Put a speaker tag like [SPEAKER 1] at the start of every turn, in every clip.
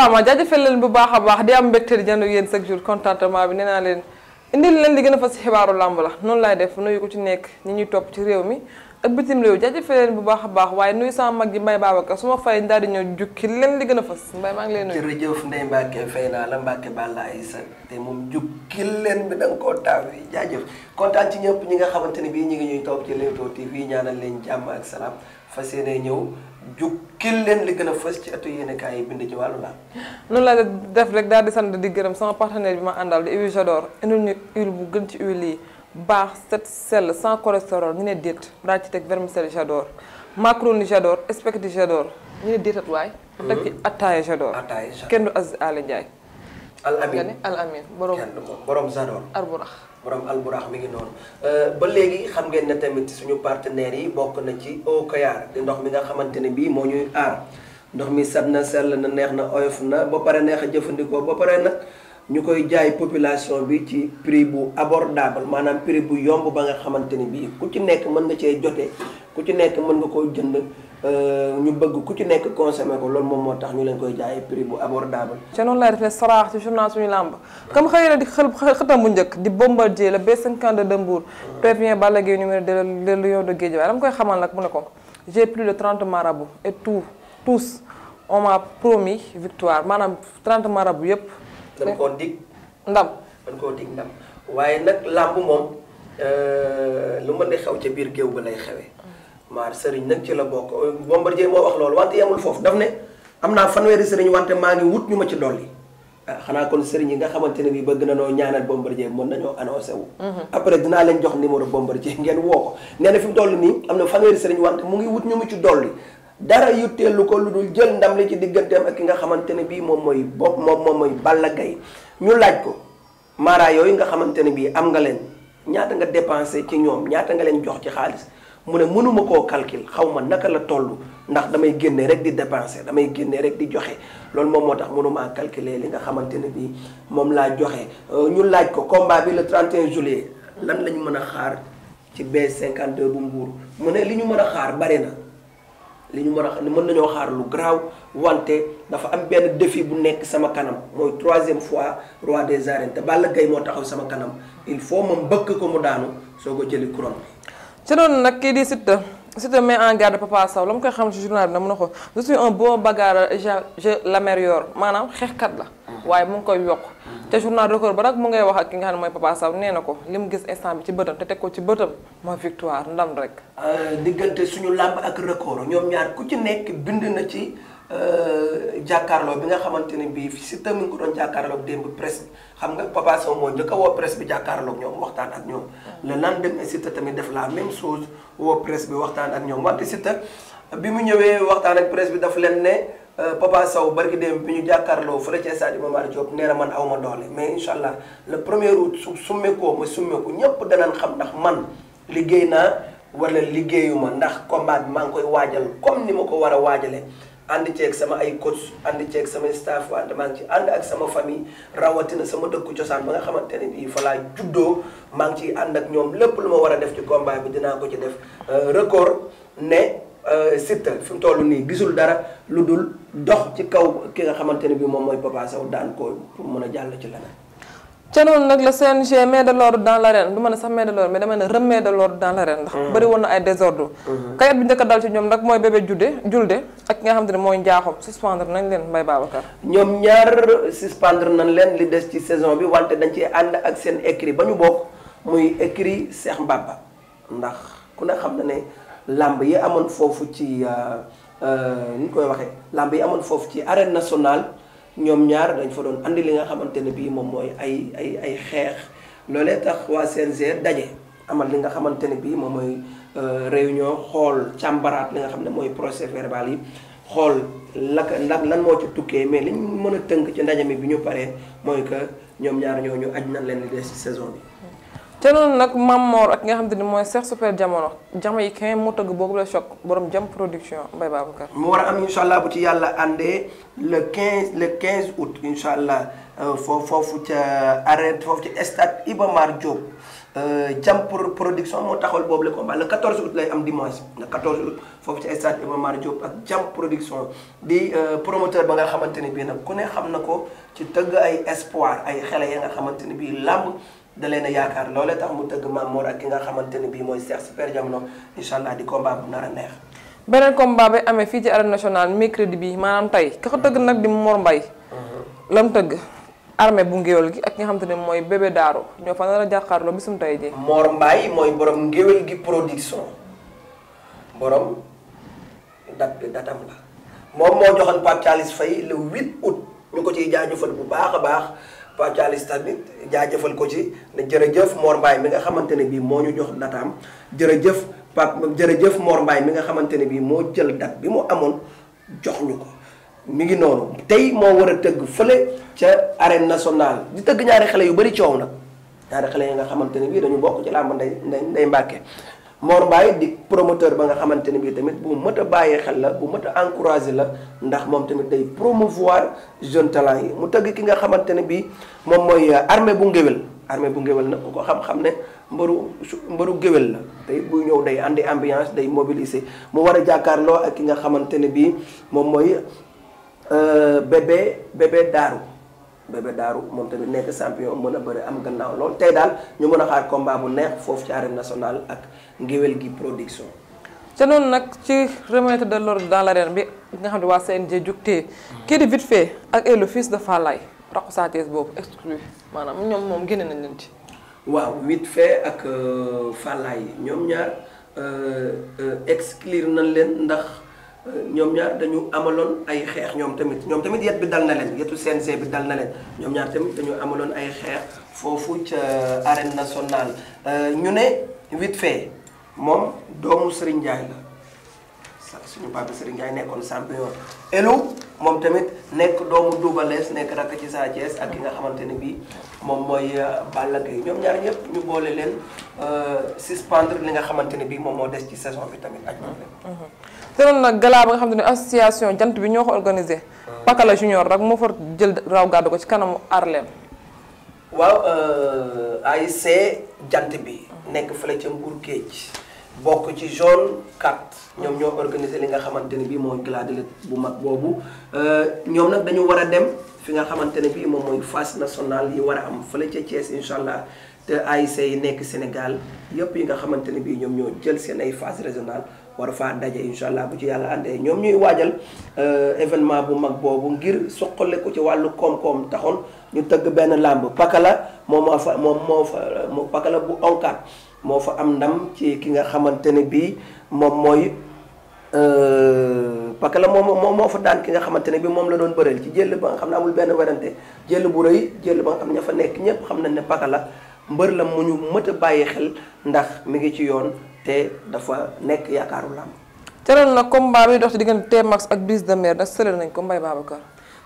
[SPEAKER 1] Fama jaajëfal leen bu baax a baax di am mbégte di jënd yéen chaque jour contentement bi nee naa leen leen li gën a fas ci xibaaru làmb la noonu laay def nuyu ko nekk ñi ñuy topp ci réew mi ak bitim réew jaajëfal bu baax a baax waaye nuyu sama mag ji Mbaye Babacar su ma fay daal di ñëw jukki li gën a fas Mbaye maa ngi leen nuyu jërëjëf Ndeye Mbacke fay naa la Mbacke Balla Aïssa
[SPEAKER 2] te moom jukki leen bi da nga koo taaw yi jaajëf kontaan ñi nga xamante ne bii ñi ngi ñuy topp ci Leewtoo TV ñaanal leen jàmm ak salaam fas yéene ñëw jukkil
[SPEAKER 1] leen li gën a fës ci atu yéenekaay yi bind ci wàllu la noonu la def rek daal di sant di gërëm sama partenaire bi ma àndal di huile J'adore indil ñu bu gën ci huile yi baax set sell sans cholestérol ñu ne déet daal ci teg vermicelle J'adore macaroni J'adore spaghetti J'adore ñu ne déetat waay mm-hmm. teg ci attaaya J'adore kenn du Aziz Aly Ndiaye al amin
[SPEAKER 2] al amin borom borom J'adore arburax borom alburax mi ngi noonu euh, ba léegi xam ngeen ne tamit suñu partenaires yi bokk na ci Eau Kayar di ndox mi nga xamante ne bii moo ñuy aar ndox mi sat na sell na neex na oyof na ba pare neex a jëfandikoo ba pare nag ñu koy jaay population bi ci prix bu abordable maanaam prix bu yomb ba nga xamante ne bii ku ci nekk mën nga cee jote ku ci nekk mën nga koo jënd Euh, ñu bëgg ku ci nekk
[SPEAKER 1] consommer ko loolu moom moo tax ñu leen koy jaay prix bu abordable. ca noonu laay defee saraax ci journal suñu làmb comme xëy na di xël xëtam bu njëkk di bombardier le B52 de Mbour prévient Balla Gaye numéro de le lion de Guédiawaye dama koy xamal nag ko j'ai plus de 30 marabouts et tout tous on m'a promis victoire maanaam 30 marabouts yëpp. dañ koo dig ndam.
[SPEAKER 2] dañ koo dig ndam waaye nag làmb moom euh, lu mën a xew ca biir géew ba lay xewee. maar sëriñ nag ci la bokk Bombardier moo wax loolu wante yemul foofu daf ne am naa fanweeri sëriñ wante maa ngi wut ñu ma ci dolli ah xanaa kon sëriñ yi nga xamante ne bii bëgg na noo ñaanal Bombardier mën nañoo annoncé wu. Mhm. après dinaa leen jox numéro Bombardier ngeen woo ko nee na fi mu toll nii am na fanweeri sëriñ wante mu ngi wut ñu mu ci dolli. dara yutteelu ko lu dul jël ndam li ci digganteem ak ki nga xamante ne bii moom mooy bopp moom moom mooy Balla Gaye ñu laaj ko mara yooyu nga xamante ne bii am nga leen ñaata nga dépensé ci ñoom ñaata nga leen jox ci xaalis. mu ne mënuma koo calcul xaw ma naka la toll ndax damay génne rek di dépenser damay génne rek di joxe loolu moom moo tax mënuma calculer li nga xamante ne bii moom laa joxe euh, ñu laaj ko combat bi le 31 juillet lan lañ mën a xaar ci B52 bu Mbour mu ne li ñu mën a xaar bari na li ñu mën a mën nañoo xaar lu garaaw wante dafa am benn défi bu nekk sama kanam mooy troisième fois roi des arènes te Balla Gaye moo taxaw sama kanam il faut moom bëkk ko mu daanu soo ko jëli couronne
[SPEAKER 1] ci noonu nag kii di Siteu Siteu met en garde Papa Sow la mu koy xam ci journal bi nag mun na ko je suis un bon bagarreur je je l'améliore maanaam xeexkat la. waaye mu ngi koy yokk. te journal record ba nag mu ngay wax ak ki nga xam ne mooy Papa Sow nee na ko li mu gis instant bi ci bëtam te teg ko ci bëtam mooy victoire ndam rek. Euh, diggante suñu làmb ak record ñoom ñaar ku ci nekk bind na ci.
[SPEAKER 2] Euh, jàkkaarloo bi nga xamante ne bii fii si tamit ko doon jàkkaarloog démb presse xam nga Papa Sow moo njëkk a woo presse bi jàkkaarloo ñoom waxtaan ak ñoom. Mm. le lendemain Siteu tamit def la même chose woo presse bi waxtaan ak ñoom wante Siteu bi mu ñëwee waxtaan ak presse bi daf leen ne euh, Papa Sow barki démb bi ñu jàkkaarloo fële ca stade Iba Mar Diop nee na man aw ma doole mais incha allah le premier août su summeekoo ma summeeku ñëpp danañ xam ndax man liggéey naa wala liggéeyu ma ndax combat maa ngi koy waajal comme ni ma ko war a waajalee. ànd ceeg sama ay coach ànd ceeg sama staff ànd maa ci ànd ak sama famille rawatina sama dëkku cosaan ba nga xamante ne bii fa laa juddoo maa ngi ciy ànd ak ñoom lépp lu ma war a def ci combat bi dinaa ko ci def euh, record ne. Euh, Siteu fi mu toll nii gisul dara lu dul dox ci kaw ki nga xamante ne bii moom mooy Papa Sow daan ko pour mun a jàll ci leneen.
[SPEAKER 1] ca noonu nag la CNG met de l'ordre dans l'arène du ma ne sax met de l'ordre mais dama ne remet de l'ordre dans l'arène ndax mm-hmm. bëri na ay désordre mm-hmm. kayit bi njëkk a dal ci ñoom nag mooy bébé judde julde ak nga xam te ne mooy njaaxum suspendre nañ leen Mbaye Babacar
[SPEAKER 2] ñoom ñaar suspendre nañ leen li des ci saison bi wante dañ ci ànd ak seen écrit ba ñu bokk muy écrit Cheikh Mbaba ndax ku ne xam na ne làmb yi amoon foofu ci euh, euh, ñu koy waxee làmb yi amoon foofu ci arène nationale ñoom ñaar dañ fa doon andi li nga xamante ne bii moom mooy ay ay ay xeex loolee tax waa CNG daje amal li nga xamante ne bii moom mooy euh, réunion xool càmbaraat li nga xam ne mooy procès verbal yi xool laka ndax lan moo ci tukkee mais liñ mën a tënk ci ndaje mi bi ñu paree mooy que ñoom ñaar ñooñu aj nan leen di des ci saison bi
[SPEAKER 1] te noonu nag Mam Mor ak nga xam te ni mooy Cheikh Super jamono jama yi kenn mu tëgg boobu la choc borom jam production Mbaye Babacar. mu war am incha allah bu
[SPEAKER 2] ci yàlla àndee le 15 le 15 août incha allah euh, foofu foofu ca arrêt foofu ci stade Iba Mar Diop euh, jam production moo taxawal boobu la combat le 14 août lay am dimanche le 14 août foofu ci stade Iba Mar Diop ak jam production di euh, promoteur ba nga xamante ne bii nag ku ne xam na ko ci tëgg ay espoir ay xale ya nga xamante ne bii làmb. da leen a yaakaar loolee tax mu tëgg Maam Mor ak ki nga xamante ne bii mooy Cheikh
[SPEAKER 1] Super Diamono incha allah di combat bu nar a neex. beneen combat bi amee fii ci national nationale mercredi bi maanaam tey ka ko tëgg nag di Mor Mbaye. Uh-huh. la mu tëgg. armée bu ngéwél gi ak nga xam xamante ne mooy bébé daaro ñoo fa nar a jàkkaarloo bisum tey ji Mor
[SPEAKER 2] Mbaye mooy borom ngéwél gi production borom dat datam la moom moo joxoon Pape Thialis Faye le 8 août ñu ko ciy jaajëfal bu baax a baax. Pape Thialis tamit jaajëfal ko ci ne jërëjëf Mor Mbaye mi nga xamante ne bii moo ñu jox dataam jërëjëf Pape jërëjëf Mor mi nga xamante ne bii moo jël date bi mu amoon jox ñu ko mi ngi noonu tey moo war a tëgg fële ca arène nationale di tëgg ñaari xale yu bari coow nag ñaari xale yi nga xamante ne bii dañu bokk ci làmb nday nday nday Mbàkke Mor Mbaye di promoteur ba nga xamante ne bii tamit bu mët a bàyyee xel la bu mët a encouragé la ndax moom tamit day promouvoir jeune talent yi mu tëgg ki nga xamante ne bii moom mooy euh, armée bu ngéwél armée bu ngéwél nag ku ko xam-xam ne mbaru mbaru géwél la tey buy ñëw day andi ambiance day mobiliser mu war a jàkkaarloo ak ki nga xamante ne bii moom mooy euh, bébé bébé daaru bébé daaru moom tamit nekk champion mën a bëri am gannaaw lool tey daal ñu mën a xaar combat bu neex foofu ci arène nationale ak ngéwél gi production
[SPEAKER 1] ca noonu nag ci remettre de l'ordre dans l'arène bi nga xam ne waa CNG jugtee kii di vite fait ak Elo fils de Falaye raqu saatees boobu exclu maanaam ñoom moom génne nañ leen ci
[SPEAKER 2] waaw vite fait ak euh, Falaye ñoom ñaar euh, euh, exclure nañ leen ndax ñoom ñaar dañu amaloon ay xeex ñoom tamit ñoom tamit yet bi dal na leen yetu CNG bi dal na leen ñoom ñaar tamit dañu amaloon ay xeex foofu ca arène nationale euh, ñu ne vite fait moom doomu Serigne Ndiaye la suñu papa Serigne Ndiaye nekkoon champion elu moom tamit nekk doomu Double Less nekk rakk ci Sa Thiès ak ki nga xamante ne bii moom mooy euh, Balla Gaye ñoom ñaar ñëpp ñu boole leen euh, suspendre li nga xamante ne bii moom moo des ci saison bi tamit ak moom
[SPEAKER 1] te noonu nag galaa ba nga xam ne association jant bi ñoo ko organisé Pakala Junior rek moo fa jël raw gàddu ko ci kanamu Arlem
[SPEAKER 2] waaw euh, ASC jant bi nekk fële ca Mbour Géej bokk ci zone 4. ñoom ñoo organisé li nga xamante ne bii mooy gala bu mag boobu euh, ñoom nag dañu war a dem fi nga xamante ne bii moom mooy phase nationale yi war a am fële ca Thiès incha allah te ASC yi nekk Sénégal yëpp yi nga xamante ne bii ñoom ñoo jël seen ay phase régionale war faa daje incha allah bu ci yàlla àndee ñoom ñuy waajal euh, événement bu mag boobu ngir soqale ko ci wàllu koom-koom taxoon ñu tëgg benn làmb pakala moom moo fa moom moo fa euh, pakala bu onkaat. moo fa am ndam ci ki nga xamante ne bii moom mooy euh, parce la moom moo fa daan ki nga xamante ne bii moom la doon bëreel ci jël ba nga xam ne amul benn werante jël bu rëy jël ba nga xam ña fa nekk ñépp xam nañ ne paka la mbër la mu ñu mët a bàyyi xel ndax mi ngi ci yoon te
[SPEAKER 1] dafa nekk yaakaaru làmb. teral na combat bi dox ci diggante Tmax ak Brise de Mer nag sële nañ ko Mbaye Babacar.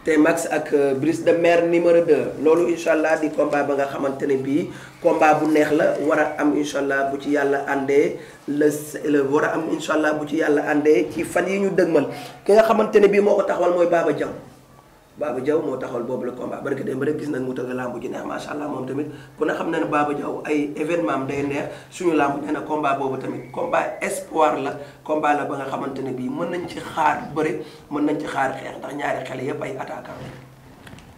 [SPEAKER 2] te Max ak euh, Brice de maire numéro 2 loolu incha allah di combat ba nga xamante ne bii combat bu neex la war a am incha allah bu ci yàlla àndee la le war a am incha bu ci yàlla àndee ci fan yi ñu dëgmal ki nga xamante ne bii moo ko wal mooy Baba jam Baba Diaw moo taxawal boobu la combat barki ba rek gis nañ mu tëgg lamb ji neex macha allah moom tamit ku ne xam na ne Baba Diaw ay événement am day neex suñu lamb nee na combat boobu tamit combat espoir la combat la ba nga xamante ne bii mën nañ ci xaar bëri mën nañ ci
[SPEAKER 1] xaar xeex ndax ñaari xale yépp ay attaquant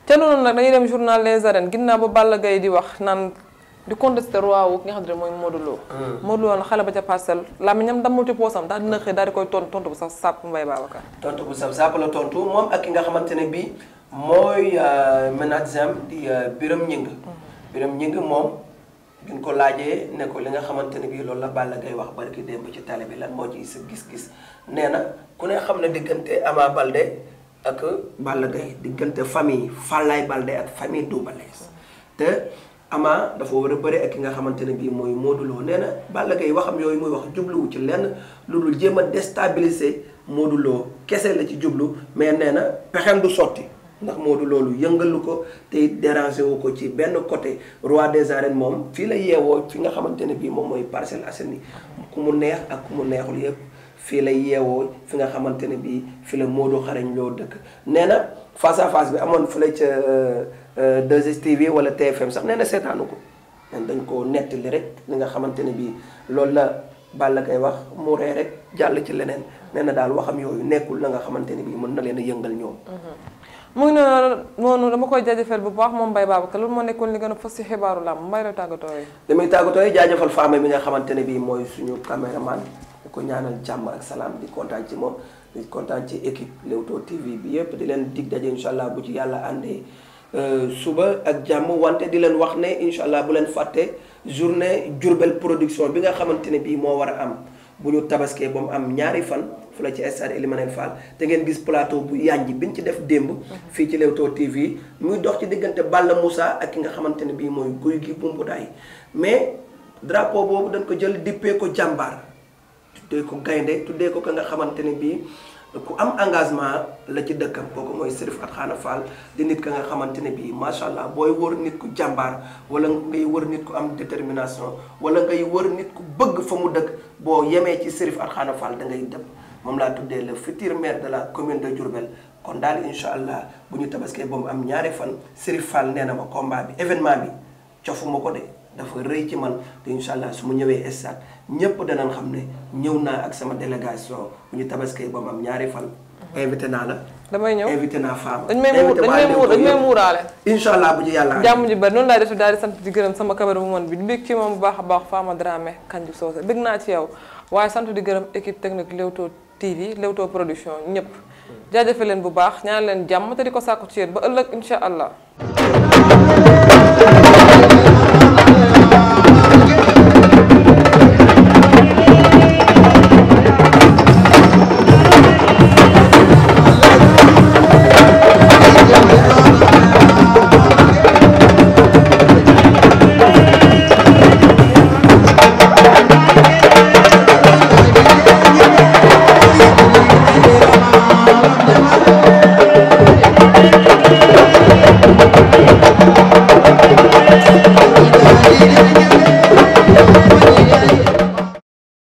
[SPEAKER 1] te noonu nag dañuy dem journal les ginnaaw ba Balla Gaye di wax naan di contesté roi wu ki nga xam ne mooy Modou Lo. Hmm. Modou Lo xale ba ca parcelle làmmiñam damul ci poosam ndax dina xëy daal di koy ton tontu bu sax sàpp Mbaye Babacar. bu sax sàpp la
[SPEAKER 2] tontu moom ak ki nga xamante ne bii mooy euh, manager di euh, Birame Ngingue. Hmm. Birame moom bi ko laajee ne li nga xamante ne bii loolu la Balla Gaye wax barki ci tali bi lan moo ci sa gis-gis nee na ku ne xam ne diggante Ama Balde ak Balla Gaye diggante famille Fallaye Balde ak famille Doubalès hmm. te. Ama dafa war a bëre ak ki nga xamante ne bii mooy Modou Lo nee na Balla Gaye waxam yooyu muy wax jubluwu ci lenn lu dul jéem a déstabiliser Modou Lo kese la ci jublu mais nee na pexem du sotti ndax Modou loolu yëngalu ko te it wu ko ci benn côté roi des arènes moom fii la yeewoo fi nga xamante ne bii moom mooy Parcelles Assainies ku mu neex ak ku mu neexul yëpp fii la yeewoo fi nga xamante ne bii fii la Modou xarañ loo dëkk nee na face à face bi amoon fële ca. Euh, 2STV euh, wala TFM sax nee na seetaanu ko nen dañ ko nettali rek li nga xamante ne bii loolu la Balla Gaye wax mu ree rek jàll ci leneen nee na daal waxam yooyu nekkul la nga xamante ne bii mën na leen a yëngal ñoom
[SPEAKER 1] mm-hmm. mu ngi noonu noonu dama koy jaajëfal bu baax moom Mbaye Babacar loolu moo nekkoon li gën a fës si xibaaru làmb Mbaye la tàggatoo yi
[SPEAKER 2] li muy tàggatoo yi bi nga xamante ne bii mooy suñu caméraman di ko ñaanal jàmm ak salaam di kontaan ci moom di kontaan ci équipe Leewtoo TV bi yëpp di leen dig daje incha allah bu ci yàlla àndee Euh, suba ak jàmm wante di leen wax ne incha allah bu leen fàtte journée Diourbel production bi nga xamante ne bii moo war a am bu ñu tabaskee ba mu am ñaari fan fu la ci stade Elimanel Fall te ngeen gis plateau bu yànj bi ñu ci def démb. fii ci Leewtoo TV muy dox ci diggante Balla Moussa ak ki nga xamante ne bii mooy guy gi bumbutaay mais drapeau boobu dañ ko jël dippee ko jàmbaar tuddee ko gaynde tuddee ko ko nga xamante ne bii. ku am engagement la ci dëkkam kooku mooy Serif Atkhana Fall di nit ka nga xamante ne bii macha allah booy wër nit ku jàmbaar wala ngay wër nit ku am détermination wala ngay wër nit ku bëgg fa mu dëkk boo yemee ci Serif Atkhana Fall da ngay dem moom laa tuddee le futur maire de la commune de Diourbel kon daal incha allah bu ñu tabaskee boobu am ñaari fan Serif Fall nee na ma combat bi événement bi cofuma ko de dafa rëy ci man te incha allah su ma ñëwee stade ñëpp danañ xam ne ñëw naa ak sama délégation bu ñu tabaskee ba mu am ñaari fan. naa la. damay ñëw invité naa Fama. dañ may muur dañ may muuraale. incha allah bu ñu yàlla. jàmm
[SPEAKER 1] ji bari noonu laay def daal di sant di gërëm sama caméra bu man bi di mbég ci moom bu baax a baax Fama Dramé Kanju Soose bég naa ci yow waaye sant di gërëm équipe technique Leewtoo TV Leewtoo production ñëpp jaajëfe leen bu baax ñaan leen jàmm te di ko sàkku ci yéen ba ëllëg incha allah